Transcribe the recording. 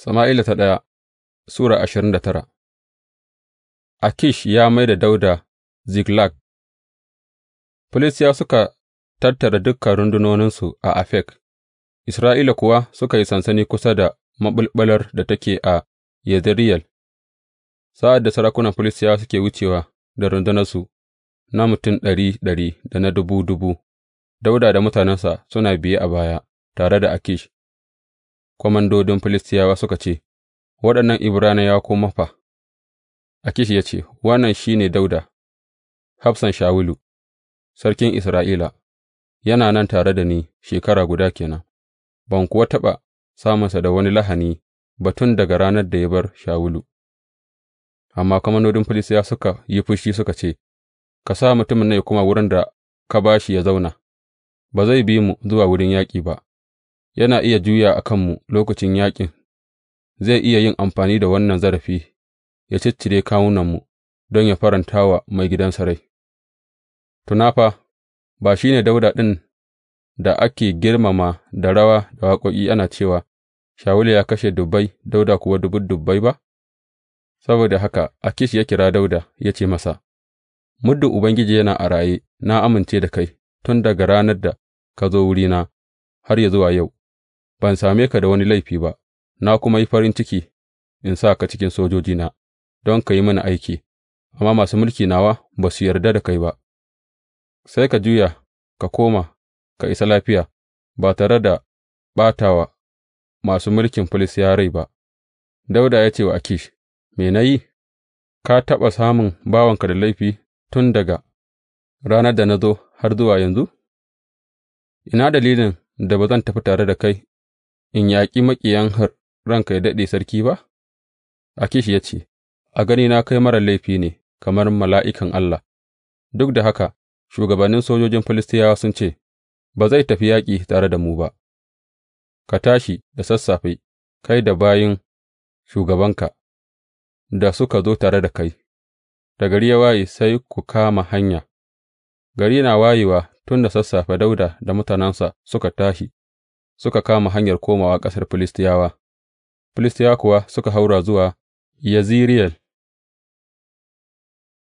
Sama'ila ta ɗaya Sura ashirin da tara Akish ya mai da Dauda Ziklag Filistiyawa suka tattara dukkan rundunoninsu a Afek, Isra'ila kuwa suka yi sansani kusa da maɓulɓular da take a Yezireyel, sa'ad da sarakunan Filistiyawa suke wucewa da rundunarsu na mutum ɗari ɗari da na dubu dubu, Dauda da mutanensa suna biye a baya tare da Akish. komandodin Filistiyawa suka ce, Waɗannan Ibraniyawa kuma fa, Akish ya ce, Wannan shi ne Dauda. hafsan Shawulu, sarkin Isra'ila, yana nan tare da ni shekara guda kenan. ban kuwa taɓa samunsa da wani lahani ba tun daga ranar da ya bar Shawulu. Amma komandodin Filistiyawa suka yi fushi suka ce, Ka sa mutumin nan ya kuma wurin da ka ba shi ya zauna, ba zai bi mu zuwa wurin yaƙi ba. yana iya juya a kanmu lokacin yaƙin, zai iya yin amfani da wannan zarafi ya ciccire kawunanmu don ya faranta wa maigidansa rai, tuna fa, ba shi ne Dawuda ɗin da ake girmama da rawa da waƙoƙi ana cewa, Shawulu ya kashe dubbai, Dauda kuwa dubu dubbai ba? Saboda haka Akish ya kira Dauda ya ce masa, Muddin Ubangiji yana a raye, na amince da kai tun daga ranar da ka zo wurina har ya zuwa yau. ban same ka da wani laifi ba, na kuma yi farin ciki in sa ka cikin sojojina don ka yi mini aiki, amma masu mulki nawa ba su yarda da kai ba, sai ka juya ka koma ka isa lafiya ba tare da ɓata wa masu mulkin Filistiyawa rai ba. Dauda ya ce wa Akish, Me na yi, ka taɓa samun bawanka da laifi tun daga ranar da na zo har zuwa yanzu? Ina dalilin da ba zan tafi tare da kai in yaƙi maƙiyan ranka ya daɗe sarki ba? Akish ya ce, A gani na kai marar laifi ne, kamar mala'ikan Allah, duk da haka shugabannin sojojin Filistiyawa sun ce, Ba zai tafi yaƙi tare da mu ba, ka tashi da sassafe, kai da bayin shugabanka da suka zo tare da kai, da gari ya waye sai ku kama hanya, gari na wayewa tun da sassafe Dauda da mutanensa suka tashi suka kama hanyar komawa ƙasar Filistiyawa, Filistiyawa kuwa suka haura zuwa Yezireyel.